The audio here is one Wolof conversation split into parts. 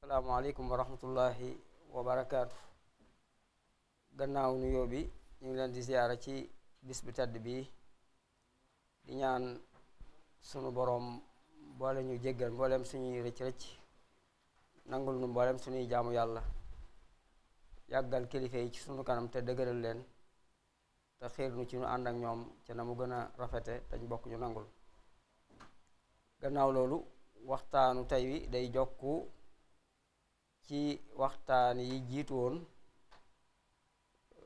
salaamaaleykum wa rahmatullahi wa barakaatu gannaaw nuyoo bi ñu ngi leen di ziyaara ci bis bu tedd bi di ñaan sunu boroom mboole ñu jéggal mbooleem suñuy rëcc-rëcc nangul nu mbooleem suñuy jaamu yàlla yàggal kilifa yi ci sunu kanam te dëgëral leen te xiir nu ci nu ànd ak ñoom ca na mu gën a rafete dañ bokk ñu nangul gannaaw loolu waxtaanu tey wi day jokku ci waxtaan yi jiitu woon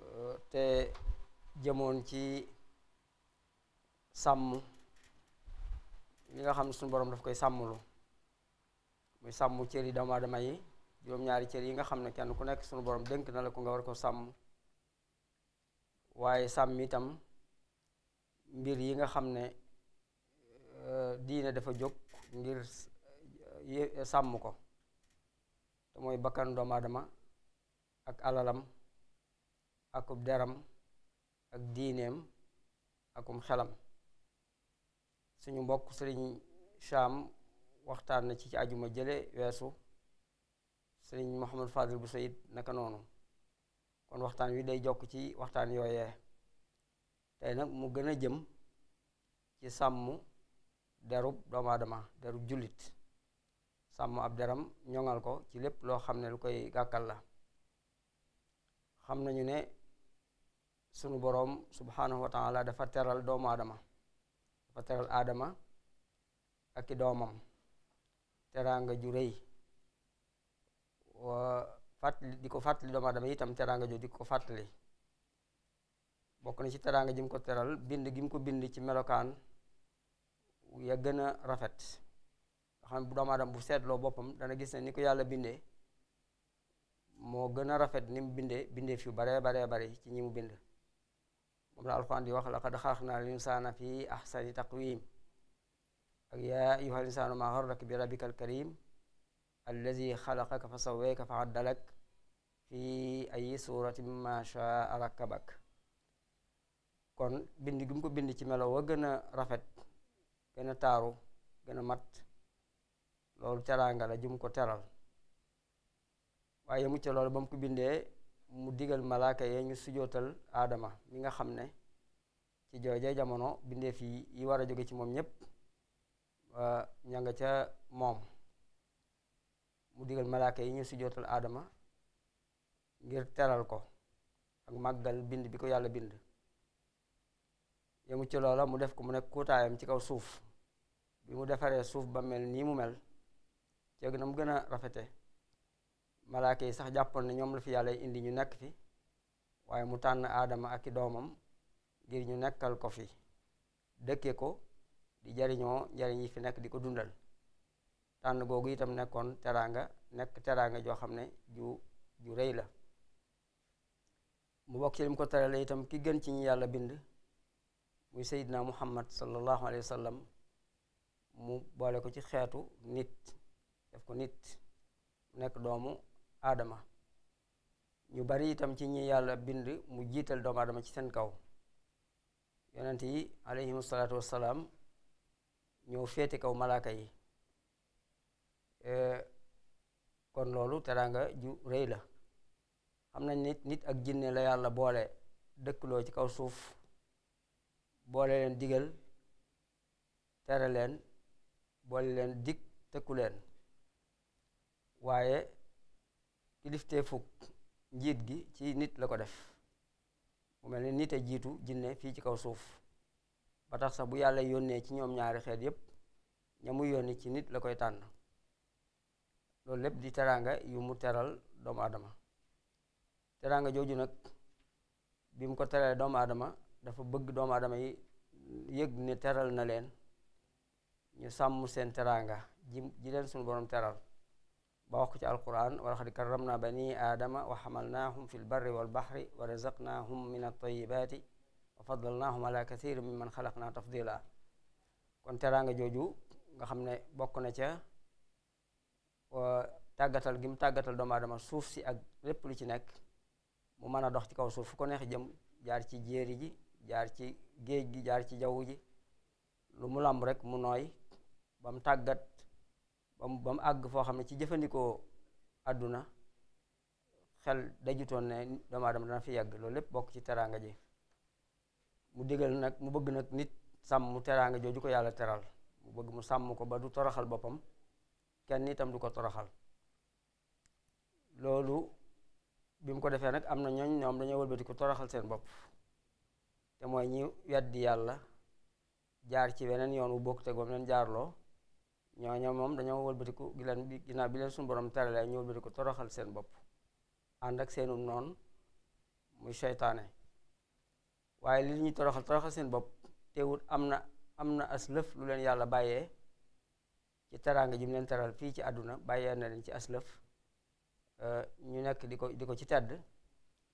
euh, te jëmoon ci sàmm li nga xam ne suñu boroom daf koy sàmmlu muy sàmm cër yi doomu aadama yi juróom-ñaari cër yi nga xam ne kenn ku nekk suñu boroom dénk na la ko nga war ko sàmm waaye sàmm itam mbir yi nga xam ne euh, diine dafa jóg ngir euh, sàmm ko te mooy bakkanu doomu ak alalam akub deram ak diineem akum xelam suñu mbokk sëriñ Cham waxtaan na ci ci ajuma jële weesu sëriñ Mouhamed Fadil bu Sayid naka noonu kon waxtaan wi day jokk ci waxtaan yooyee tey nag mu gën a jëm ci sàmm derub doomu aadama derub jullit sàmm ab deram ñoŋal ko ci lépp loo xam ne lu koy gàkkal la xam nañu ne sunu boroom subhanahu wa taala dafa teral doomu aadama dafa teral aadama ak i doomam teraanga ju réy wa di ko fàttali doomu aadama itam teraanga ju di ko fàttali bokk na ci teraanga ji mu ko teral bind gi mu ko bind ci melokaan ya gën a rafet xam bu doomu aadama bu seetloo boppam dana gis na ni ko yàlla bindee moo gën a rafet ni mu bindee bindee fi bare baree bari ci ñi mu bind moom la alxuraan di wax laqad xalaqnal insaana fi ahsani taqwiim ak yaa ayyuhal insaanu maa gharraka bi rabbikal kariim allazi xalaqaka fa sawwaaka fa addalak fi ay suuratin maa shaa rakkabak kon bind gi ko bind ci melo wa gën a rafet gën a taaru gën a mat loolu teraanga la jum ko teral waaye mu ca loolu ba mu ko bindee mu digal malaaka yee ñu sujootal aadama mi nga xam ne ci joojee jamono bindee fii yi war a jóge ci moom ñépp ña nga ca moom mu digal malaaka yi ñu sujootal aadama ngir teral ko ak màggal bind bi ko yàlla bind yemu ca loola mu def ko mu nekk kuutaayam ci kaw suuf bi mu defaree suuf ba mel nii mu mel ceeg na mu gën a rafete malaaka yi sax jàppoon ne ñoom la fi yàlla indi ñu nekk fi waaye mu tànn aadama ak i doomam ngir ñu nekkal ko fi dëkke ko di jariñoo njariñ yi fi nekk di ko dundal tànn googu itam nekkoon teraanga nekk teraanga joo xam ne ju ju rëy la mu bokk ci lim ko la itam ki gën ci ñi yàlla bind muy Seydina Muhammad sallallahu alayhi wa sallam mu boole ko ci xeetu nit def ko nit mu nekk doomu aadama ñu bari itam ci ñi yàlla bind mu jiital doomu aadama ci seen kaw yonent yi aleyhim salaatu wassalaam ñoo féete kaw malaaka yi e, kon loolu teraanga ju rëy la xam nañ nit nit ak jinne la yàlla boole dëkkloo ci kaw suuf boole leen digal tere leen boole leen dikk tëkku leen waaye kilifteefu njiit gi ci nit la ko def mu mel ni nit a jiitu jinne fii ci kaw suuf ba tax sax bu yàlla yónnee ci ñoom ñaari xeet yépp ñoomu mu yónni ci nit la koy tànn loolu lépp di teraanga yu mu teral doomu aadama teraanga jooju nag bi mu ko teralee doomu adama dafa bëgg doomu adama yi yëg ni teral na leen ñu sàmm seen teraanga ji ji leen suñu borom teral ba wax ko ci alquran wa laqad karramna bani aadama wa xamalnaahum fi lbarri walbaxri wa razaqnaahum min altayibaati wa fadalnaahum ala kathirin mimman xalaqna tafdila kon teraanga jooju nga xam ne bokk na ca tàggatal gi mu tàggatal doomu aadama suuf si ak lépp lu ci nekk mu mën a dox ci kaw suuf fu ko neex jëm jaar ci jéeri ji jaar ci géej gi jaar ci jaww ji lu mu làmb rek mu nooy ba mu tàggat ba mu àgg foo xam ne ci jëfandikoo àdduna xel dajutoon ne doomu aadama dana fi yàgg loolu lépp bokk ci teraanga ji mu digal nag mu bëgg nag nit sàmm teraanga jooju ko yàlla teral mu bëgg mu sàmm ko ba du toroxal boppam kenn itam du ko toroxal loolu bi mu ko defee nag am na ñooñ ñoom dañuy wëlbati ko toroxal seen bopp te mooy ñi weddi yàlla jaar ci weneen yoon wu bokk te goom leen jaarloo ñooñu moom dañoo wëlbatiku gi leen bi ginnaaw bi leen suñu borom teralee ñu wëlbatiku toroxal seen bopp ànd ak seenum noon muy seytaane waaye li ñuy toroxal toroxal seen bopp teewut am na am na as lëf lu leen yàlla bàyyee ci teraanga jim leen teral fii ci àdduna bàyyee na leen ci aslëf lëf euh, ñu nekk di ko di ko ci tedd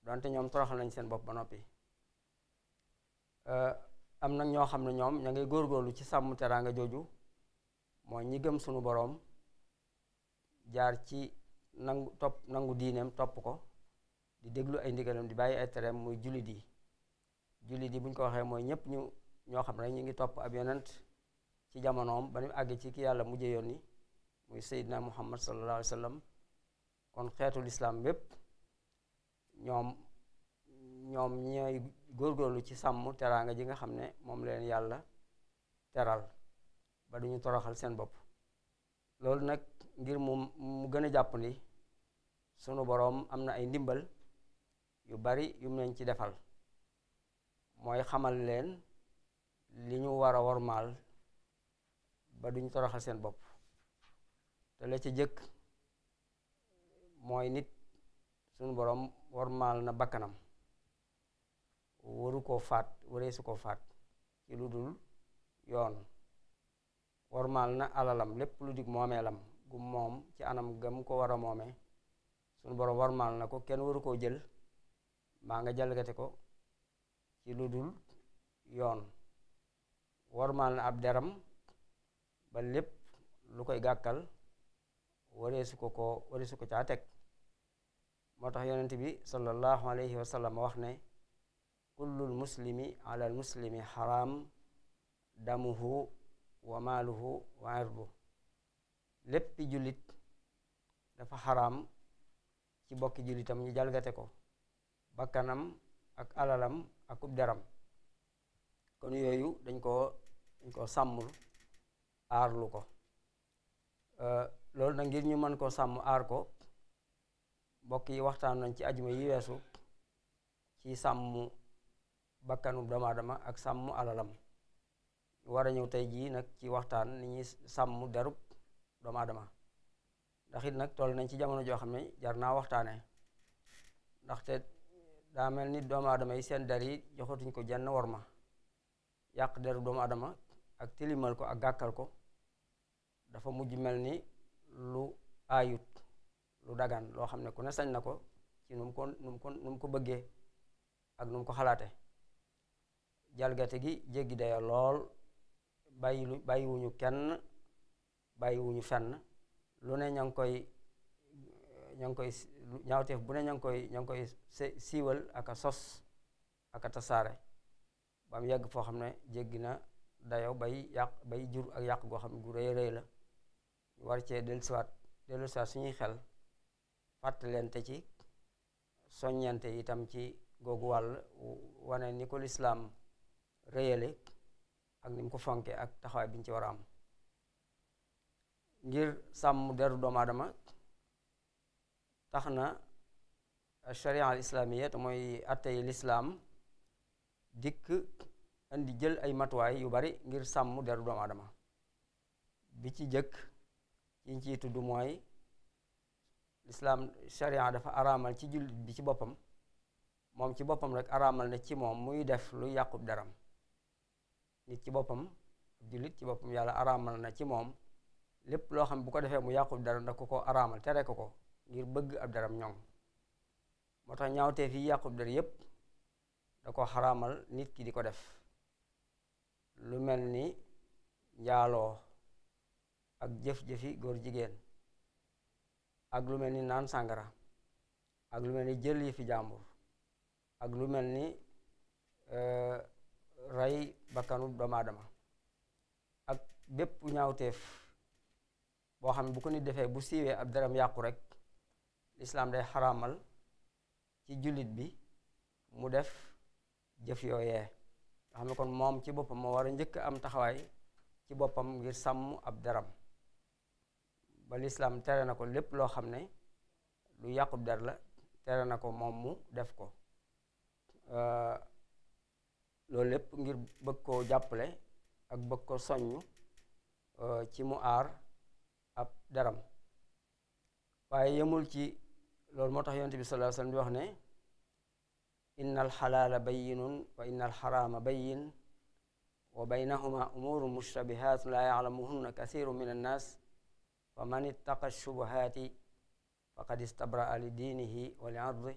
donte ñoom toroxal nañ seen bopp ba noppi euh, am na ñoo xam ne ñoom ña góor góorlu ci sàmm teraanga jooju mooy ñi gëm sunu boroom jaar ci nangu topp nangu diineem topp ko di déglu ay ndigalam di bàyyi ay tereem muy jullit yi jullit yi bu ñu ko waxee mooy ñépp ñu ñoo xam ne ñu ngi topp ab yonent ci jamonoom ba ñu àgg ci ki yàlla mujje yoon ni muy Seydina Muhammad sallallahu alayhi wa sallam kon xeetu lislaam bépp ñoom ñoom ñooy góorgóorlu ci sàmm teraanga ji nga xam ne moom leen yàlla teral ba du ñu toroxal seen bopp loolu nag ngir mu mu gën a jàpp ni sunu boroom am na ay ndimbal yu bari yu mu ci defal mooy xamal leen li ñu war a wormaal ba duñ toroxal seen bopp te la ci jëkk mooy nit sunu boroom wormaal na bakkanam waru koo faat wareesu koo faat ci lu dul yoon warmaal na alalam lépp lu dig moomeelam gu moom ci anam gam ko war a moomee sunu borom warmaal na ko kenn waru koo jël maa nga jalgate ko ci lu dul yoon warmaal na ab deram ba lépp lu koy gàkkal wareesu ko ko wareesu ko caa teg moo tax yonent bi sallallahu alayhi wa wax ne kullul muslimi alal muslimi xaraam damuhu wa maaluhu lépp irdu jullit dafa xaram ci bokki jullitam ñu jalgate ko bakkanam ak alalam ak ub deram kon yooyu dañ koo dañ koo sàmmul aarlu ko loolu nag ngir ñu mën koo sàmm aar ko mbokk yi waxtaan nañ ci ajuma yi weesu ci sàmm bakkanu doomu aadama ak sàmm alalam war a ñëw tey jii nag ci waxtaan ni ñuy sàmm derub doomu aadama ndaxit nag toll nañ ci jamono joo xam ne jar naa waxtaane ndaxte daa mel ni doomu aadama yi seen der yi joxatuñ ko jenn war ma yàq derub doomu adama ak tilimal ko ak gàkkal ko dafa mujj mel ni lu aayut lu dagan loo xam ne ku ne sañ na ko ci nu ko nu ko nu ko bëggee ak num ko xalaate jalgate gi jéggi daya lool bàyyilu bàyyiwuñu kenn bàyyiwuñu fenn lu ne ña ngi koy ñoo ngi koy ñaawteef bu ne ña ngi koy ña ngi koy siiwal ak a sos ak tasaare ba yegg foo xam ne jéggi na dayo bay yàq bay jur ak yàq goo xam ne gu rëy rëy la ñu war cee dellusiwaat dellusiwaat suñuy xel fàttalente ci soññante itam ci googu wàll wane ni ko lislaam rëyale ak ni mu ko fonkee ak taxawaay bi ñu ci war am ngir sàmm deru doomu aadama tax na sharia al islaamiyya te mooy attey lislaam dikk indi jël ay matuwaay yu bari ngir sàmm deru doomu adama bi ci jëkk ci ciy tudd mooy lislaam sharia dafa araamal ci jullit bi ci boppam moom ci boppam rek araamal na ci moom muy def lu yàqub deram nit ci boppam jullit ci boppam yàlla araamal na ci moom lépp loo xam bu ko defee mu yàqul dara ndax ku ko araamal tere ko ko ngir bëgg ab daram ñoom moo tax ñaawteef yi yàqul dara yépp da ko xaraamal nit ki di ko def lu mel ni njaaloo ak jëf-jëfi góor jigéen ak lu mel ni naan sàngara ak lu mel ni jël yi fi jàmbur ak lu mel ni euh, rey bakkanu doomu aadama ak bépp ñaawteef boo xam ne bu ko nit defee bu siiwee ab deram yàqu rek lislaam day xaraamal ci jullit bi mu def jëf yooyee nga xam ne kon moom ci boppam moo war a njëkk am taxawaay ci boppam ngir sàmm ab deram ba lislaam tere na ko lépp loo xam ne lu yàqu der la tere na ko moom mu def ko loolu lépp ngir bëgg koo jàppale ak bëgg ko soññ euh, ci mu aar ab daram waaye yemul ci loolu moo tax yonent bi sallallahu alayhi wasallam di wax ne inna alxalaala bayinun wa inna alxaraama bayin wa baynahuma umuru mushtabihat la yalamuhunna kathiru min annas fa man ittaqa shubuhaati faqad istabraa li diinihi wa li ardi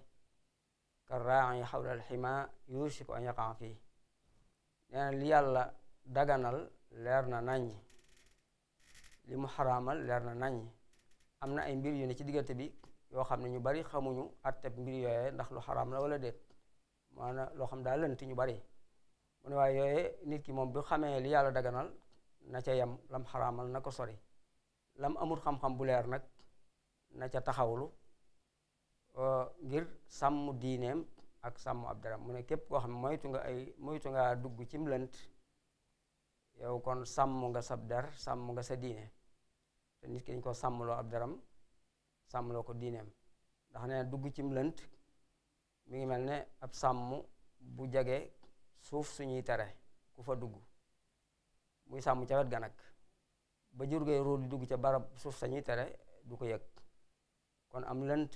ka raaci xawla alxima yushiku an yaqa fii nee na li yàlla daganal leer na naññ li mu xaramal leer na naññ am na ay mbir yu ne ci diggante bi yoo xam ne ñu bari xamuñu atteb mbir yooyee ndax lu xaraam la walla déet maanaam loo xam daa lënt ñu bari mu ne waaye yooyee nit ki moom bu xamee li yàlla daganal na ca yam lam xaraamal na ko sori lam amul xam-xam bu leer nag na ca taxawlu uh, ngir sàmm diineem ak sàmm ab daram mu ne képp koo xam ne moytu nga ay moytu ngaa dugg cim lënt yow kon sàmm nga sab dar sàmm nga sa diine te nit ki dañ ko sàmmloo ab daram sàmmloo ko diineem ndax nee dugg cim lënt mi ngi mel ne ab sàmm bu jege suuf suñuy tere ku fa dugg muy sàmm ca wet ga nag ba jur gay róol di dugg ca barab suuf sañuy tere du ko yëg kon am lënt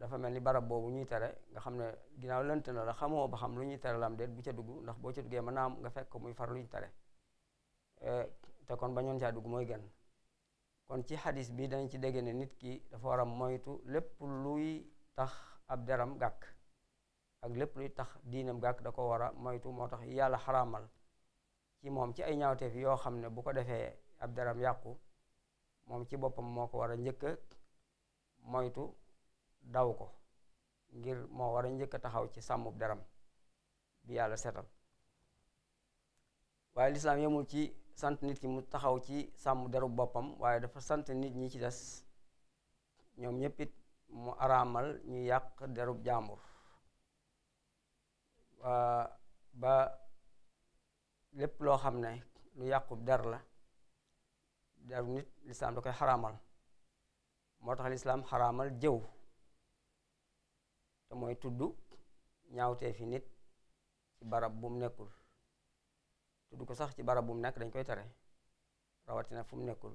dafa mel ni barab boobu ñuy tere nga xam ne ginnaaw lënt na la xamoo ba xam lu ñuy tere lam am bu ca dugg ndax boo ca duggee mën naa nga fekk muy far lu ñu tere eh, te kon bañoon caa dugg mooy gën kon ci xadis bi dañ ci dégg nit ki dafa war moytu lépp luy tax ab deram gàkk ak lépp luy tax diinam gàkk da ko war a moytu moo tax yàlla xaraamal ci moom ci ay ñaawteef yoo xam ne bu ko defee ab deram yàqu moom ci boppam moo ko war a njëkk moytu daw ko ngir moo war a njëkk a taxaw ci sàmmub deram bi yàlla setal waaye lislaam yemul ci sant nit ki mu taxaw ci sàmm derub boppam waaye dafa sant nit ñi ci des ñoom ñépp it mu araamal ñu yàq deru jaambur ba lépp loo xam ne lu yàqu der la deru nit lislaam da koy xaraamal moo tax lislaam xaraamal jëw te mooy tudd ñaawtee fi nit ci barab bu mu nekkul tudd ko sax ci barab bu mu nekk dañ koy tare rawatina fu mu nekkul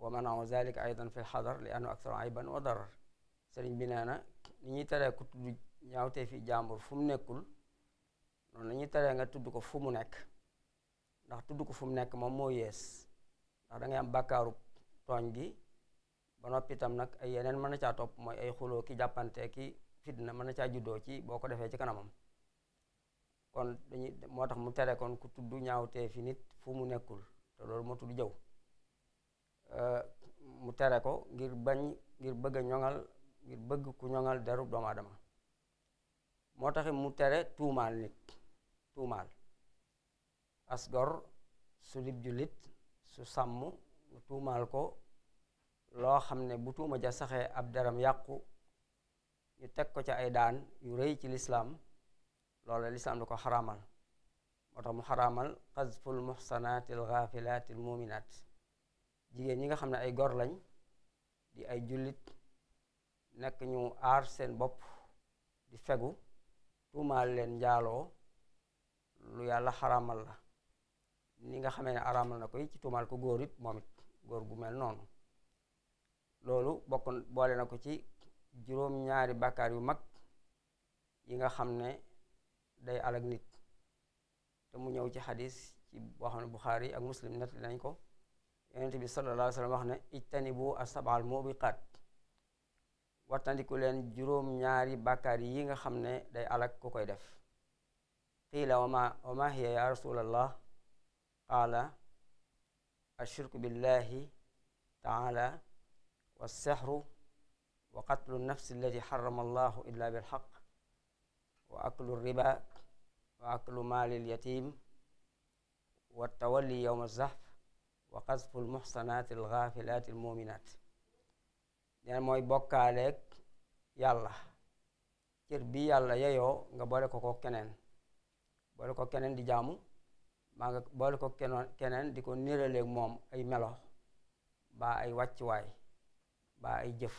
wa manau zalika aidan fi lxadar li annu aksaru ayban wa darar sëriñ bi nee na ni ñuy teree ku tudd ñaawtee fi jàmbur fu mu nekkul noonu la ñuy teree nga tudd ko fu mu nekk ndax tudd ko fu mu nekk moom moo yees ndax da am bakkaaru tooñ gi ba noppi tam nag ay yeneen mën a caa topp mooy ay xuloo ki jàppante ki fitna mën na caa juddoo ci boo ko defee ci kanamam kon dañuy moo tax mu tere kon ku tudd ñaawtee fi nit fu mu nekkul te loolu moo tudd jëw mu tere ko ngir bañ ngir bëgg ñoŋal ngir bëgg ku ñoŋal deru doomu aadama moo taxi mu tere tuumaal nit tuumaal asgor su dib jullit su sàmm tuumaal ko loo xam ne bu tuuma ja saxee ab deram yàqu ñu teg ko ci ay daan yu rëy ci lislaam loola lislaam da ko xaramal moo tax mu xaraamal xazful muxsanaati al gaafilaati al muminaat jigéen ñi nga xam ne ay gor lañ di ay jullit nekk ñu aar seen bopp di fegu tuumaal leen njaaloo lu yàlla xaramal la ni nga xamee ne araamal na koy ci tuumaal ko góor moom it góor gu mel noonu loolu bokk boole na ko ci juróom-ñaari bàkkaar yu mag yi nga xam ne day alag nit te mu ñëw ci xadis ci boo ne Buxaari ak Muslim nettali nañ ko yonent bi sallallahu alayhi wa wax ne ijtanibu as-sab'al mubiqaat wattandiku leen juróom-ñaari bàkkaar yi nga xam ne day alag ku koy def qiila wa ma wa ma hiya ya rasulallah qaala ashirku billahi taala wa sehru wa qatlu nafsi allati xarama allahu illa bilxaq wa aklu riba wa aklu maalil yatim wa tawalli yowma zahf wa qazfu lmuxsanaati alxaafilaati almuuminaat neen mooy bokkaaleeg yàlla cër bi yàlla yeyoo nga boole ko ko keneen boole ko keneen di jaamu maa nga boole ko keneen di ko niraleeg moom ay melo baa ay wàccuwaay baa ay jëf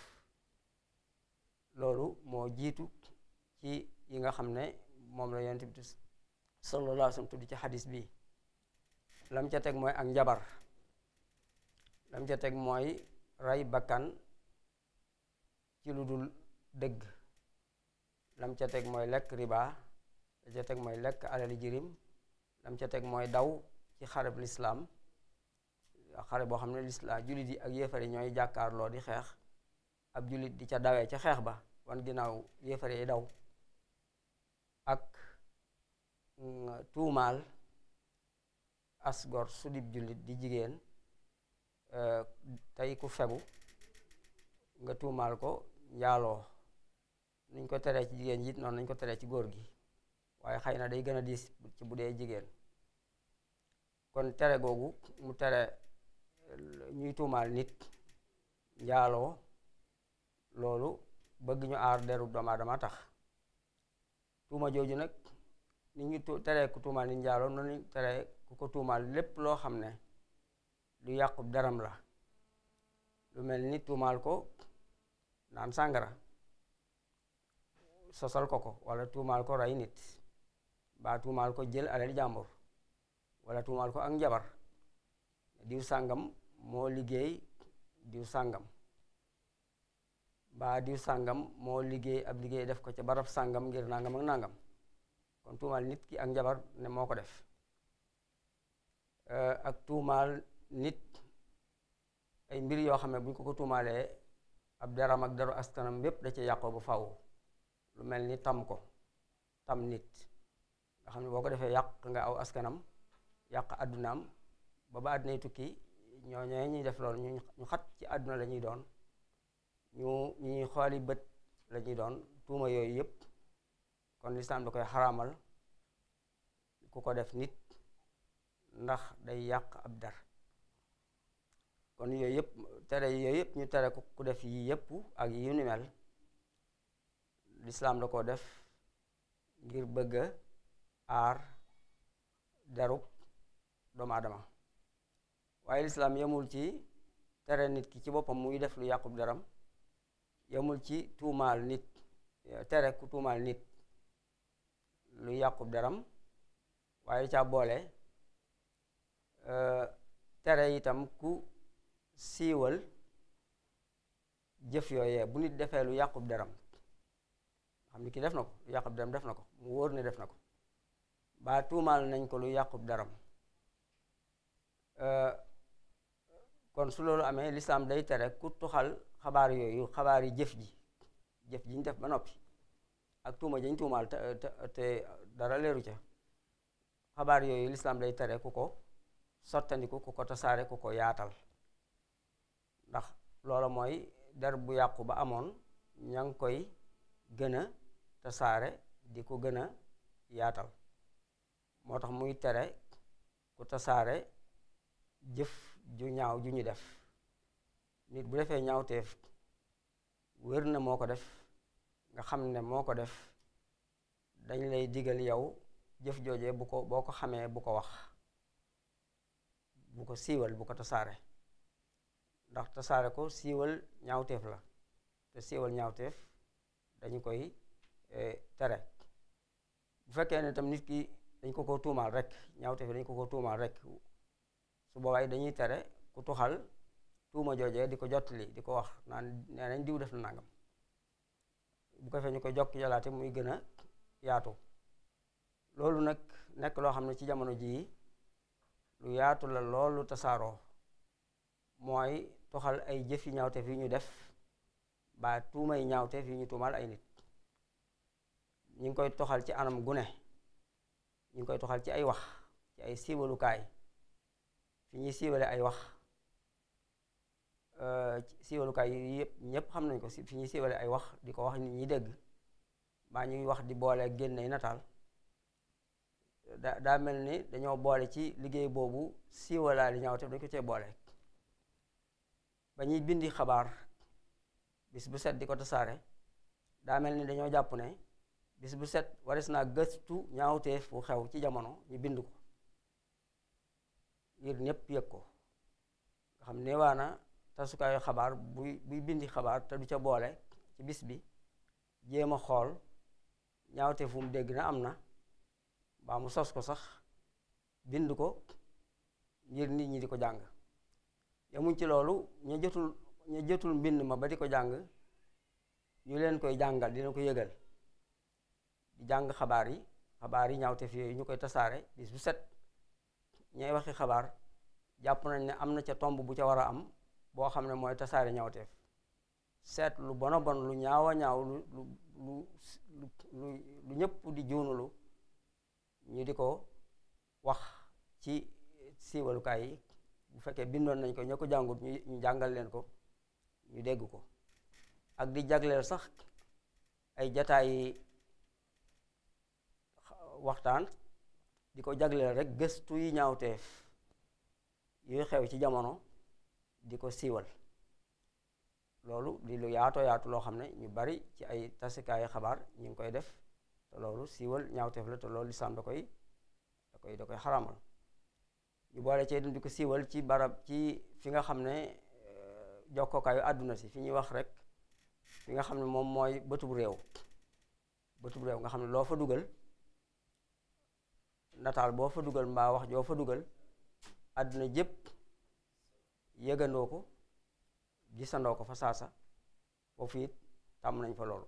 loolu moo jiitu ci yi nga xam ne moom la yonent bi sallallahu alayhi wa sallam tudd ci xadis bi lam ca teg mooy ak njabar lam ca teg mooy rey bakkan ci lu dul dëgg lam ca teg mooy lekk riba lam ca mooy lekk alali jirim lam ca teg mooy daw ci bu lislaam xare boo xam ne lislaam jullit yi ak yéefari ñooy jàkkaarloo di xeex ab jullit di ca dawee ca xeex ba wan ginnaaw yéefare yi daw ak mm, tuumaal asgor su dib jullit di jigéen euh, tey ku fegu nga tuumaal ko njaaloo nuñ ko teree ci jigéen ji it noonu nañ ko teree ci góor gi waaye xëy na day gën a diis ci bu dee jigéen kon tere googu mu tere euh, ñuy tuumaal nit njaaloo loolu bëgg ñu aar deru doomu aadama tax tuuma jooju nag ni ñu teree ku tuumaal ni njaaloo noonu teree ku ko tuumaal lépp loo xam ne lu yàqub deram la lu mel ni tuumaal ko naan sàngara sosal ko ko wala tuumaal ko ray nit mbaa tuumaal ko jël alal jàmbur walla tuumaal ko ak njabar diw sàngam moo liggéey diw sàngam baa diw sàngam moo liggéey ab liggéey def ko ca barab sàngam ngir nangam ak nangam kon tuumaal nit ki ak njabar ne moo ko def euh, ak tuumaal nit ay mbir yoo xam ne bu ñu ko ko tuumaalee ab deram ak daru askanam bépp da ci yàqoo bu faw lu mel ni tam ko tam nit nga xam ne boo ko defee yàq nga aw askanam yàq addunaam ba ba àddunay tukki ñoo ñee ñuy def loolu ñu xat ci àdduna la ñuy doon ñu ñuy xooli bët la ñuy doon tuuma yooyu yëpp kon lislaam da koy xaramal ku ko def nit ndax day yàq ab dar kon yooyu yëpp tere yooyu yëpp ñu tere ku def yi yëpp ak yu ni mel lislaam da ko def ngir bëgga aar derub doomu aadama waaye lislaam yemul ci tere nit ki ci boppam muy def lu yàqu daram yemul ci tuumaal nit tere ku tuumaal nit lu yàqub deram waaye ca boole e, tere itam ku siiwal jëf yooyee bu nit defee lu yàqub deram xam ni ki def na ko lu yàqub deram def na ko mu wóor ne def na ko baa tuumaal nañ ko lu yàqub deram e, kon su loolu amee lislaam day tere ku tuxal xabaar yooyu xabaar yi jëf ji jëf ji ñu def ba noppi ak tuuma ji ñu tuumaal te te dara leeru ca xabaar yooyu lislaam day tere ku ko sottandiku ku ko tasaare ku ko yaatal ndax loola mooy der bu yàqu ba amoon ña ngi koy gën a tasaare di ko gën a yaatal moo tax muy tere ku tasaare jëf ju ñaaw ju ñu def nit bu defee ñaawteef wér na moo ko def nga xam ne moo ko def dañ lay digal yow jëf joojee bu ko boo ko xamee bu ko wax bu ko siiwal bu ko tasaare ndax tasaare ko siiwal ñaawteef la te siiwal ñaawteef dañu koy e, tere bu fekkee ne tam nit ki dañ ko ko tuumaal rek ñaawteef dañ ko ko tuumaal rek su boobaay dañuy tere ku toxal tuuma joojee di ko jottali di ko wax nee nañ diw def na nangam bu ko fee ñu koy jokk jalaate muy gën a yaatu loolu nag nekk loo xam ne ci jamono jii lu yaatu la loolu tasaaroo mooy toxal ay jëfi ñaawteef yu ñu def ba tuumay ñaawteef yu ñu tuumal ay nit ñu ngi koy toxal ci anam gune ñu ngi koy toxal ci ay wax ci ay siiwalukaay fi ñuy siiwale ay wax euh, siiwalukaay yi yëpp xam nañ ko fi ñuy siiwale ay wax di ko wax nit ñi dégg mbaa ñuy wax di boole génne nataal da daa mel ni dañoo boole ci liggéey boobu siiwalaale ñaaw te dañ ko cee boole ba ñuy bindi xabaar bis bu set di ko tasaare daa mel ni dañoo jàpp ne bis bu set waris naa gëstu ñaawteef bu xew ci jamono ñu bind ko ngir ñëpp yëg ko nga xam neewaana tasukaayu xabaar buy bind xabaar te du ca boole ci bis bi jéem a xool ñaawte fu mu dégg na am na baa sos ko sax bind ko ngir nit ñi di ko jàng yamuñ ci loolu ña jotul mbind ma ba di ko jàng ñu leen koy jàngal dina ko yëgal di jàng xabaar yi xabaar yi ñaawte fi yooyu ñu koy tasaare bis bu set ñay waxi xabaar jàpp nañ ne am na ca tomb bu ca war a am boo xam ne mooy tasaare ñawteef seet lu bona bon lu ñaawa ñaaw lu lu lu lu ñëpp di juunulu ñu di ko wax ci siiwalukaay yi bu fekkee bindoon nañ ko ñoo jàngut ñu jàngal leen ko ñu dégg ko ak di jagleel sax ay jataay waxtaan di ko jagleel rek gëstu yi ñaawteef yuy xew ci jamono di ko siiwal loolu di lu yaatoo yaatu loo xam ne ñu bari ci ay tasikaayu xabaar ñu ngi koy def te loolu siiwal ñaawteef la te loolu di da koy da koy da koy xaramal ñu boole ci di ko siiwal ci barab ci fi nga xam ne euh, jokkokaayu àdduna si fi ñuy wax rek fi nga xam ne moom mooy bëtub réew bëtub réew nga xam ne loo fa dugal nataal boo fa dugal mbaa wax joo fa dugal àdduna jépp yëgandoo ko gisandoo ko fa saasa foofu it tàmm nañ fa loolu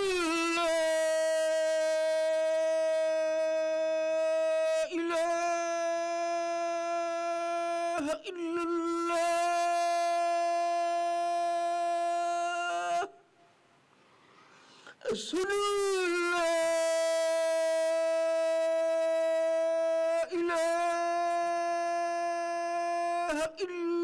ilaha illallah ashhadu an la ilaha illallah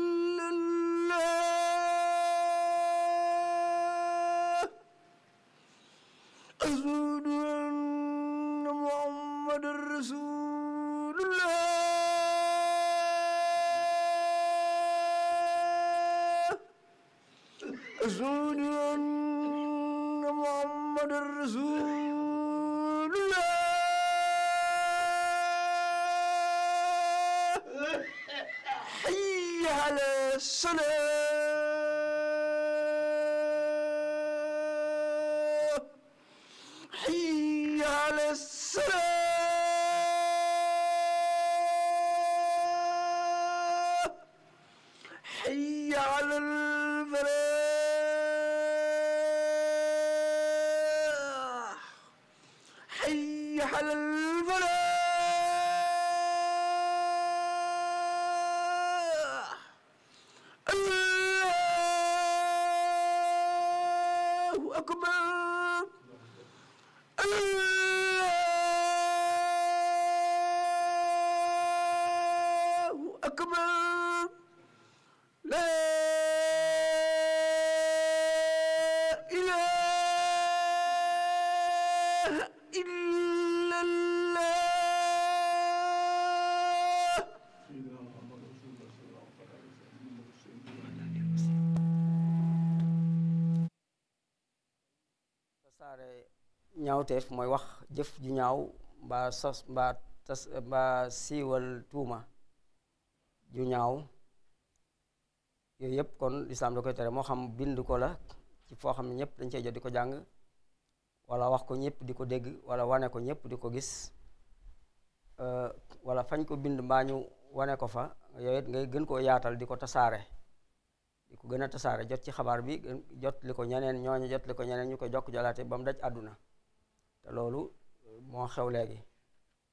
ñaawteef mooy wax jëf ju ñaaw mbaa sos mbaa tas mbaa siiwal tuuma ju ñaaw yooyu yëpp kon lislaam da koy tere moo xam bind ko la ci foo xam ne ñëpp dañ cey jot di ko jàng wala wax ko ñëpp di ko dégg wala wane ko ñëpp di ko gis euh, wala fañ ko bind mbaa ñu wane ko fa yooyu it ngay gën koo yaatal di ko tasaare di ko gën tasaare jot ci xabaar bi jot li ko ñeneen ñoo jot li ko ñeneen ñu ko jokk jolaate ba mu daj àdduna te loolu uh, moo xew léegi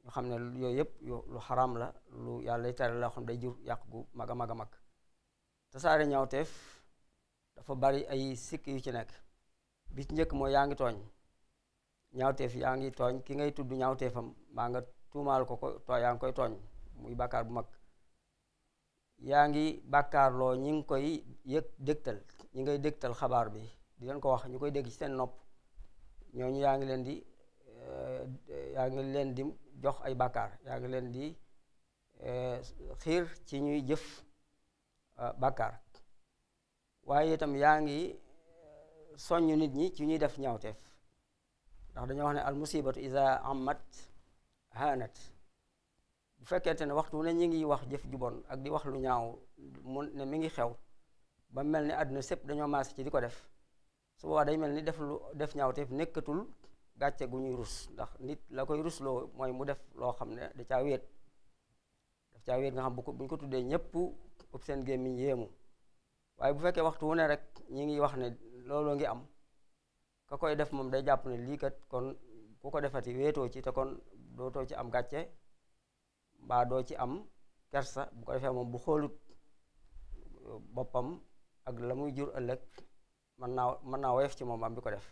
ñu xam ne yooyu yëpp lu xaraam la lu yàlla tere la xam day jur yàq gu mag a mag a mag tasaare ñaawteef dafa bari ay sikk yu ci nekk bi njëkk mooy yaa ngi tooñ ñaawteef yaa ngi tooñ ki ngay tudd ñaawteefam maa nga tuumaal ko ko too yaa ngi koy tooñ muy bàkkaar bu mag yaa ngi bàkkaarloo ñi ngi koy yëg dégtal ñi ngay dégtal xabaar bi di leen ko wax ñu koy dégg ci seen nopp ñooñu yaa ngi leen di yaa ngi leen di jox ay bàkkaar yaa ngi leen di e, xiir ci ñuy jëf e, bàkkaar waaye itam yaa ngi e, soññ nit ñi ci ñuy def ñaawteef ndax dañoo wax ne al musibatu iza amat hanat bu fekkente ne waxtu ne ñi ngi wax jëf ju ak di wax lu ñaaw mu ne mi ngi xew ba mel ni àdduna sépp dañoo maase ci di ko def su boobaa day mel ni def lu def ñaawteef nekkatul gàcce gu ñuy rus ndax nit la koy rusloo mooy mu def loo xam ne da caa wéet daf caa wéet nga xam bu ko bu ñu ko tuddee ñëpp ëpp seen gémmiñ yéemu waaye bu fekkee waxtu wu ne rek ñi ngi wax ne looloo ngi am ka koy def moom day jàpp ne lii kat kon ku ko defati weetoo ci te kon dootoo ci am gàcce mbaa doo ci am kersa bu ko defee moom bu xoolut boppam ak la muy jur ëllëg mën naa mën naa woyof ci moom am bi ko def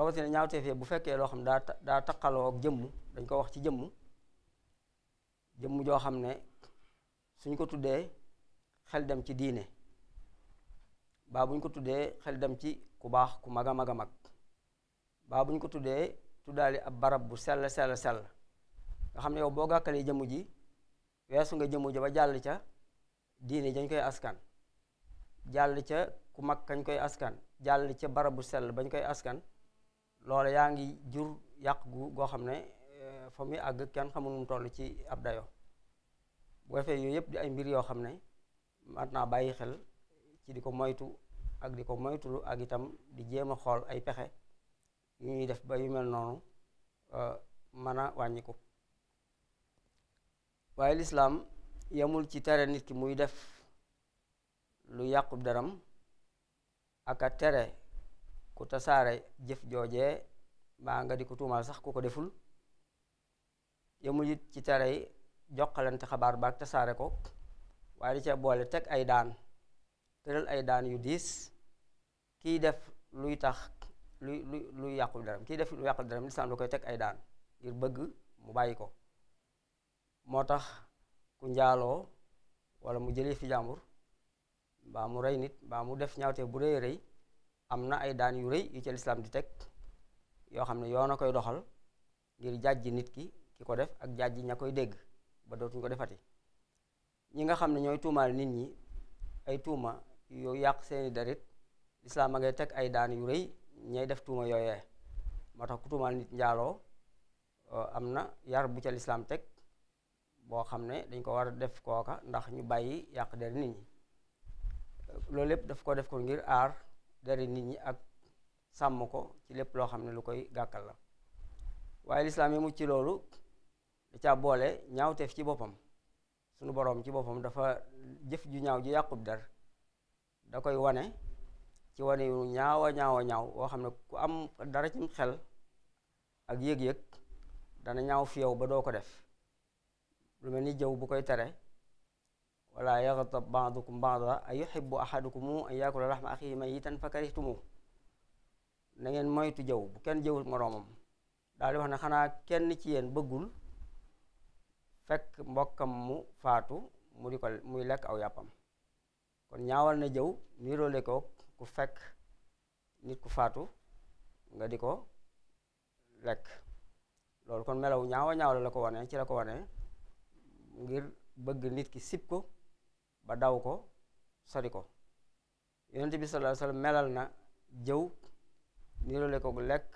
rawatina ñaawteef bu fekkee loo xam daa daa taqaloo ak jëmm dañ ko wax ci jëmm jëmm joo xam ne suñ ko tuddee xel dem ci diine baa buñ ko tuddee xel dem ci ku baax ku mag a mag a mag baa buñ ko tuddee tuddaali ab barab bu sell sell sell nga xam ne yow boo gàkkalee jëmm ji weesu nga jëmm ji ba jàll ca diine dañ koy askan jàll ca ku mag kañ koy askan jàll ca barab bu sell bañ koy askan loola yaa ngi jur yàq gu goo xam ne eh, fa muy àgg kenn xamul mu toll ci ab dayo bu defee yooyu yëpp di ay mbir yoo xam ne mat naa bàyyi xel ci di ko moytu ak di ko moytulu ak itam di jéem a xool ay pexe yu ñuy def ba yu mel noonu eh, mën a wàññiku waaye lislaam yamul ci tere nit ki muy def lu yàqub deram ak a tere ku tasaare jëf joojee maa nga di ko tuumaal sax ku ko deful yamul it ci terey joxalante xabaar baag tasaare ko waaye di ca boole teg ay daan tëral ay daan yu diis kiy def luy tax luy luy yàqul daram kii def lu yàqul daram lislaam da koy teg ay daan ngir bëgg mu bàyyi ko moo tax ku njaaloo wala mu jëlee fi jàmbur mbaa mu rey nit mbaa mu def ñaawte bu rëy rëy am na ay daan yu rëy yu ci lislaam di teg yoo xam ne yoon a koy doxal ngir jàjj nit ki ki ko def ak jàjji ña koy dégg ba dootuñ ko defati ñi nga xam ne ñooy tuumaal nit ñi ay tuuma yu yàq seeni darit lislaam a ngay teg ay daan yu rëy ñay def tuuma yooyee moo tax ku tuumaal nit njaaloo euh, am na yar bu ca lislaam teg boo xam ne dañ ko war def kooka ndax ñu bàyyi yàq der nit ñi loolu lépp daf ko def ko ngir aar dari nit ñi ak sàmm ko ci lépp loo xam ne lu koy gàkkal la waaye lislaam yi mu ci loolu da caa boole ñaawteef ci boppam sunu boroom ci boppam dafa jëf ju ñaaw ju yàqut der da koy wane ci wane yu ñaawa ñaawa ñaaw woo xam ne ku am dara cim xel ak yëg-yëg dana ñaaw fi yow ba doo ko def lu mel ni jëw bu koy tere wala yaxtab baadukum baada ay yuxibu ahadukum an yaakula laxma axihi mayitan fakarihtumuh na ngeen moytu jëw bu kenn jëwul moroomam daal di wax na xanaa kenn ci yéen bëggul fekk mbokkam mu faatu mu muy lekk aw yàppam kon ñaawal na jëw niroole ko ku fekk nit ku faatu nga di ko lekk loolu kon melaw ñaawa ñaaw la la ko wane ci la ko wane ngir bëgg nit ki sib ko ba daw ko sori ko yonent bi sallallahu alayhi wasallam melal na jëw nirole ko lekk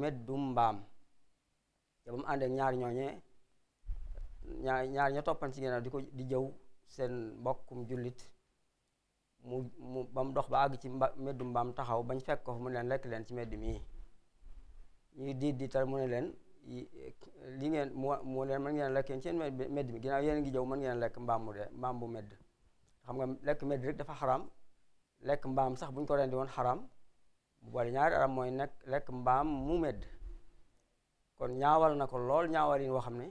meddum mbaam te mu ànd ak ñaar ñooñee ñaari ñaar ña ci ginnaaw di ko di jëw seen mbokkum jullit mu mu ba mu dox ba àgg ci mba meddum mbaam taxaw bañ fekk ko fa mu leen lekk leen ci medd mii ñuy diit diital mu ne leen li ngeen mu moo leen mën ngeen lekk yéen seen medd mi ginnaaw yéen ngi jëw mën ngeen lekk mbaam mu de mbaam mu medd xam nga lekk medd rek dafa xaram lekk mbaam sax bu ñu ko rendi woon xaram boole ñaari aram mooy nekk lekk mbaam mu medd kon ñaawal na ko lool ñaawal yi woo xam ne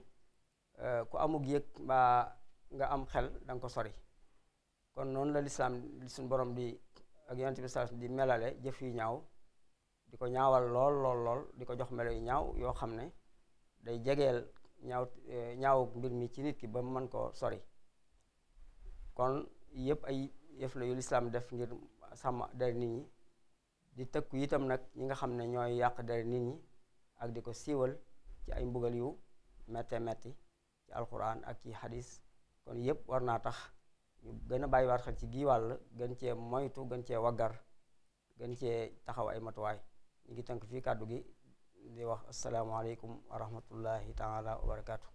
euh, ku amug yëg mbaa nga am xel danga ko sori kon noonu la lislaam suñ borom di ak yonent bi saa di melale jëf yu ñaaw di ko ñaawal lool lool lool di ko jox melo yu ñaaw yoo xam ne day jegeel ñaaw eh, ñaawug mbir mi ci nit ki ba mën koo sori kon yëpp ay yëf la yu lislaam def ngir sàmm der nit ñi di tëkku itam nag ñi nga xam ne ñooy yàq der nit ñi ak di ko siiwal ci ay mbugal yu mette metti ci alxuraan ak ci hadis kon yëpp war naa tax ñu gën a bàyyiwaat xel ci gii gën cee moytu gën cee waggar gën cee taxaw ay matuwaay ñu ngi tënk fii kàddu gi di wax asalaamaaleykum wa rahmatullahi taala wa barakaatu.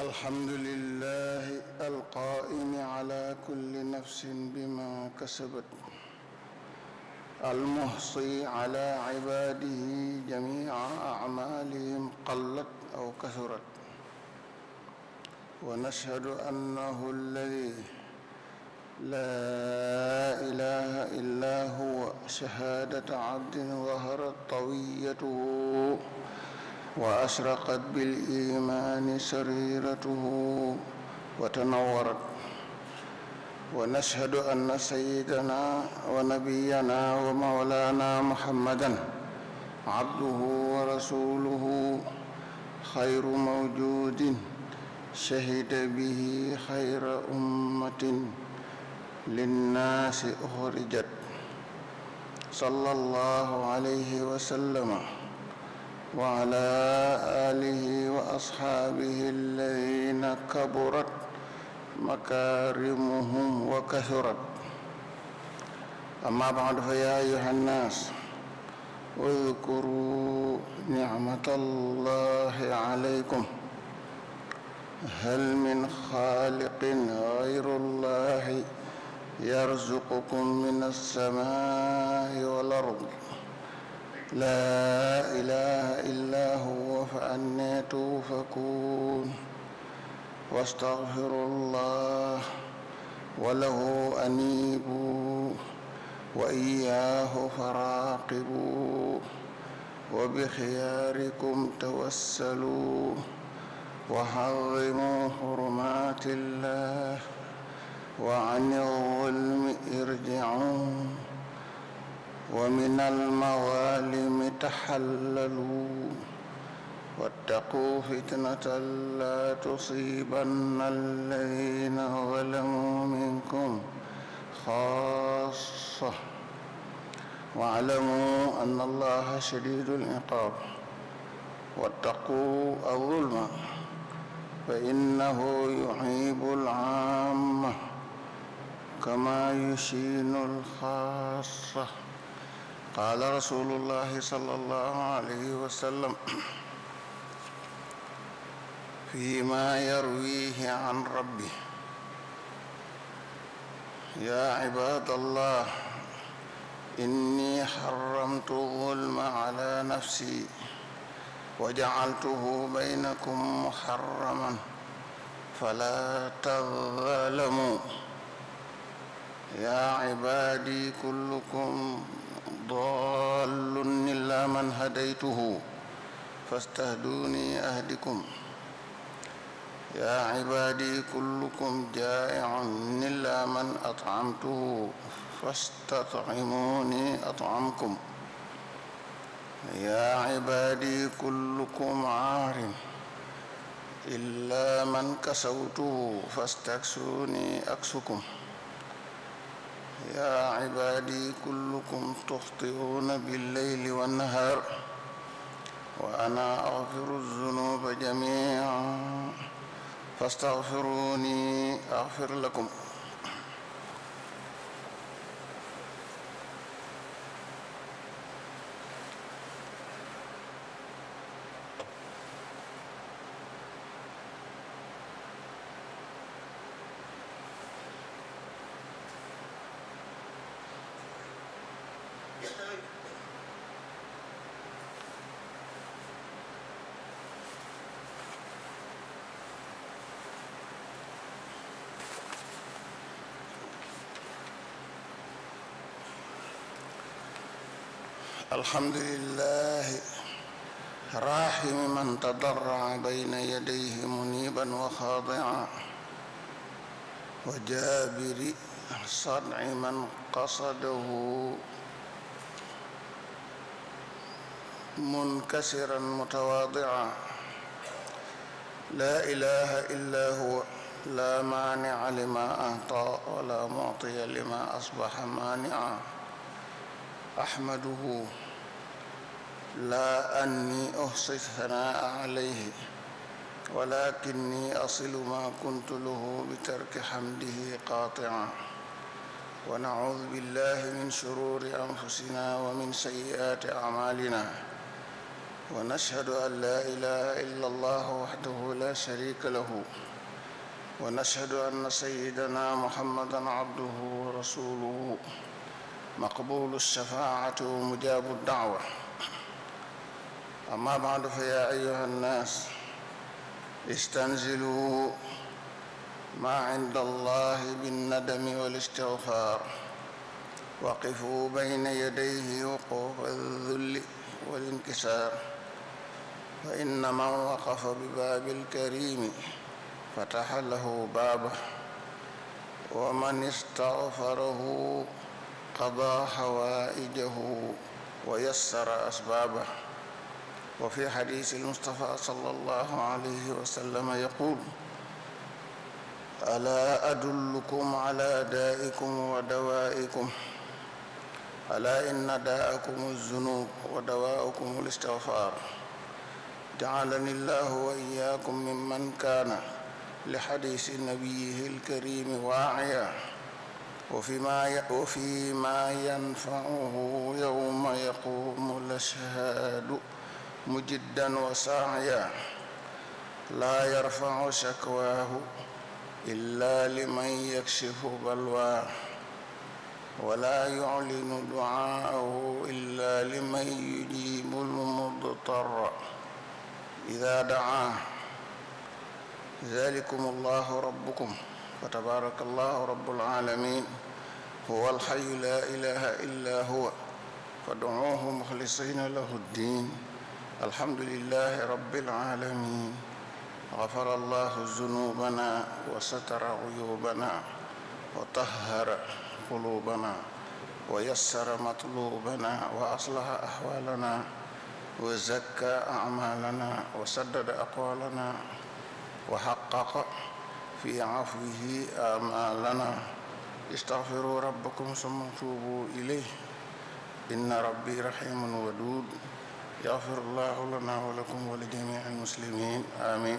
الحمد لله القائم على كل نفس بما كسبت المحصي على عباده جميع أعمالهم قلت أو كثرت ونشهد أنه الذي لا إله إلا هو شهادة عبد ظهرت طويته وأشرقت بالإيمان سريرته وتنورت ونشهد أن سيدنا ونبينا ومولانا محمدا عبده ورسوله خير موجود شهد به خير أمة للناس أخرجت صلى الله عليه وسلم وعلى آله وأصحابه الذين كبرت مكارمهم وكثرت أما بعد فيا أيها الناس اذكروا نعمة الله عليكم هل من خالق غير الله يرزقكم من السماء والأرض لا إله إلا هو فأنا توفكون واستغفر الله وله أنيبوا وإياه فراقبوا وبخياركم توسلوا وحرموا حرمات الله وعن الظلم ارجعون ومن المظالم تحللوا واتقوا فتنة لا تصيبن الذين ظلموا منكم خاصة واعلموا أن الله شديد العقاب واتقوا الظلم فإنه يعيب العامة كما يشين الخاصة qaala rasulullahi sallallahu alayhi wa sallam fiima yarwihi an rabbi yaa cibaadallah inni xaramtu zulma ala nafsi wa jacaltuhu baynakum muxarraman fala tazalamu yaa cibaadi kullukum ضال إلا من هديته فاستهدوني أهدكم يا عبادي كلكم جائع إلا من أطعمته فاستطعموني أطعمكم يا عبادي كلكم عار إلا من كسوته فاستكسوني أكسكم يا عبادي كلكم تخطئون بالليل والنهار وأنا أغفر الذنوب جميعا فاستغفروني أغفر لكم الحمد لله راحم من تضرع بين يديه منيبا وخاضعا وجابر صنع من قصده منكسرا متواضعا لا إله إلا هو لا مانع لما أعطى ولا معطي لما أصبح مانعا أحمده لا أني أحصي الثناء عليه ولكني أصل ما كنت له بترك حمده قاطعا ونعوذ بالله من شرور أنفسنا ومن سيئات أعمالنا ونشهد أن لا إله إلا الله وحده لا شريك له ونشهد أن سيدنا محمدا عبده ورسوله مقبول الشفاعة ومجاب الدعوة أما بعد فيا أيها الناس استنزلوا ما عند الله بالندم والاستغفار وقفوا بين يديه وقوف الذل والانكسار فإن من وقف بباب الكريم فتح له بابه ومن استغفره قضى حوائجه ويسر أسبابه وفي حديث المصطفى صلى الله عليه وسلم يقول ألا أدلكم على دائكم ودوائكم ألا إن داءكم الذنوب ودواءكم الاستغفار جعلني الله وإياكم ممن كان لحديث نبيه الكريم واعيا وفيما وفيما ينفعه يوم يقوم الأشهاد مجدا وساعيا لا يرفع شكواه إلا لمن يكشف بلواه ولا يعلن دعاءه إلا لمن يجيب المضطر إذا دعاه ذلكم الله ربكم فتبارك الله رب العالمين هو الحي لا إله إلا هو فادعوه مخلصين له الدين alhamdulilahi rabbil alamin gafara allahu zunubana wa satara uyubana wa tahara qulubana wa yassara matlubana wa aslaha ahwalana wa zakka acmalana wa saddada aqwalana wa xaqaqa fi cafwihi amalana istagfiru rabbakum summa tuubu ilayh inna rabbi rahimun wadud يغفر الله لنا ولكم ولجميع المسلمين آمين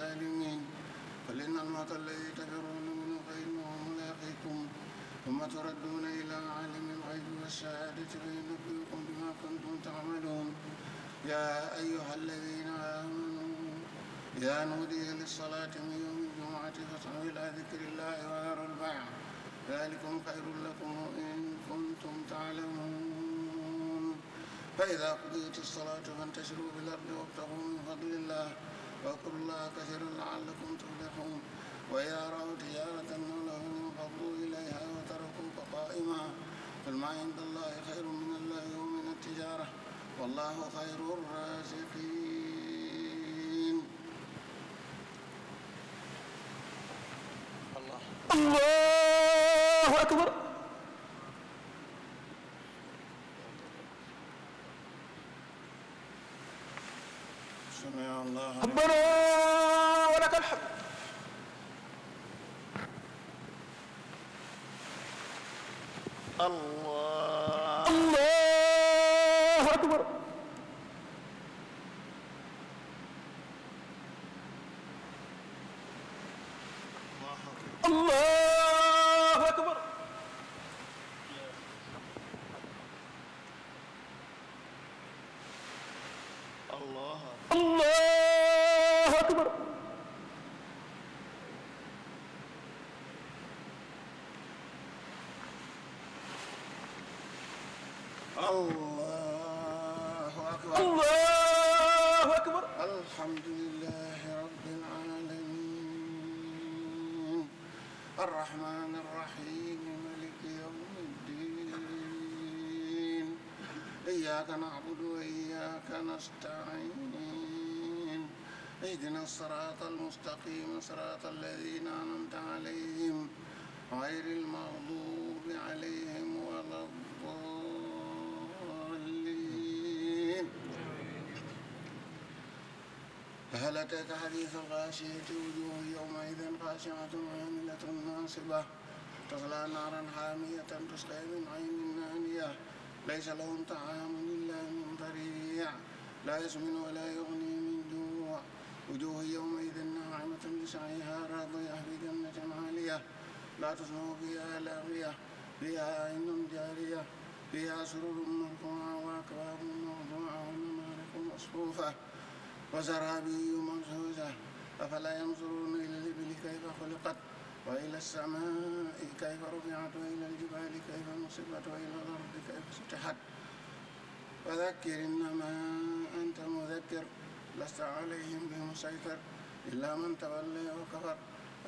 الآلمين فلأن الموت الذي تفرون منه فإنه ملاقيكم ثم تردون إلى عالم الغيب والشهادة فينبئكم بما كنتم تعملون يا أيها الذين آمنوا إذا نودي للصلاة من يوم الجمعة فاسعوا إلى ذكر الله وذروا البيع ذلكم خير لكم إن كنتم تعلمون فإذا قضيت الصلاة فانتشروا في الأرض وابتغوا من فضل الله واذكروا الله كثيرا لعلكم تفلحون وإذا رأوا تجارة لهم انفضوا إليها وتركوك قائما قل ما عند الله خير من الله ومن التجارة والله خير الرازقين الله الله أكبر Allah الرحمن الرحيم ملك يوم الدين إياك نعبد وإياك نستعين اهدنا الصراط المستقيم صراط الذين أنعمت عليهم غير المغضوب عليهم ولا الضالين هل أتاك حديث الغاشية وجوه يومئذ خاشعة وعين صلصة ناصبة تصلى نارا حامية تسقى من عين آنية ليس لهم طعام إلا من ضريع لا يسمن ولا يغني من جوع وجوه يومئذ ناعمة لسعيها راضية في جنة عالية لا تسمع فيها لاغية فيها عين جارية فيها سرر مرفوعة وأكواب موضوعة ونمارق مصفوفة وزرابي ممسوسة أفلا ينظرون إلى الإبل كيف خلقت وإلى السماء كيف رفعت وإلى الجبال كيف نصبت وإلى الأرض كيف سطحت فذكر إنما أنت مذكر لست عليهم بمسيطر إلا من تولي وكفر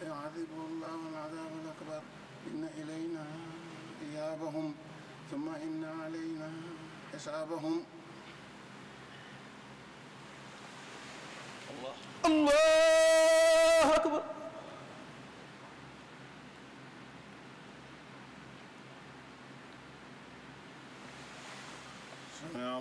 فيعذبه الله العذاب الأكبر إن إلينا إيابهم ثم إن علينا حسابهم الله الله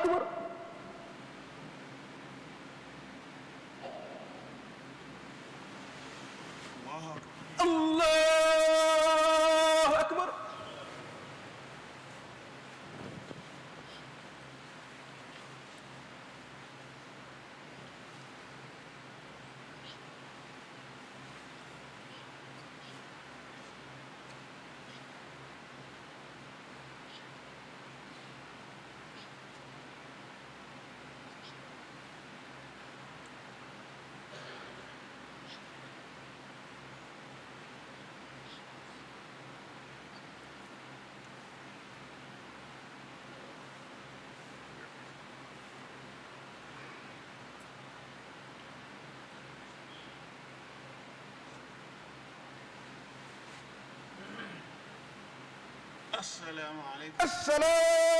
allahu akbar asalaamaaleykum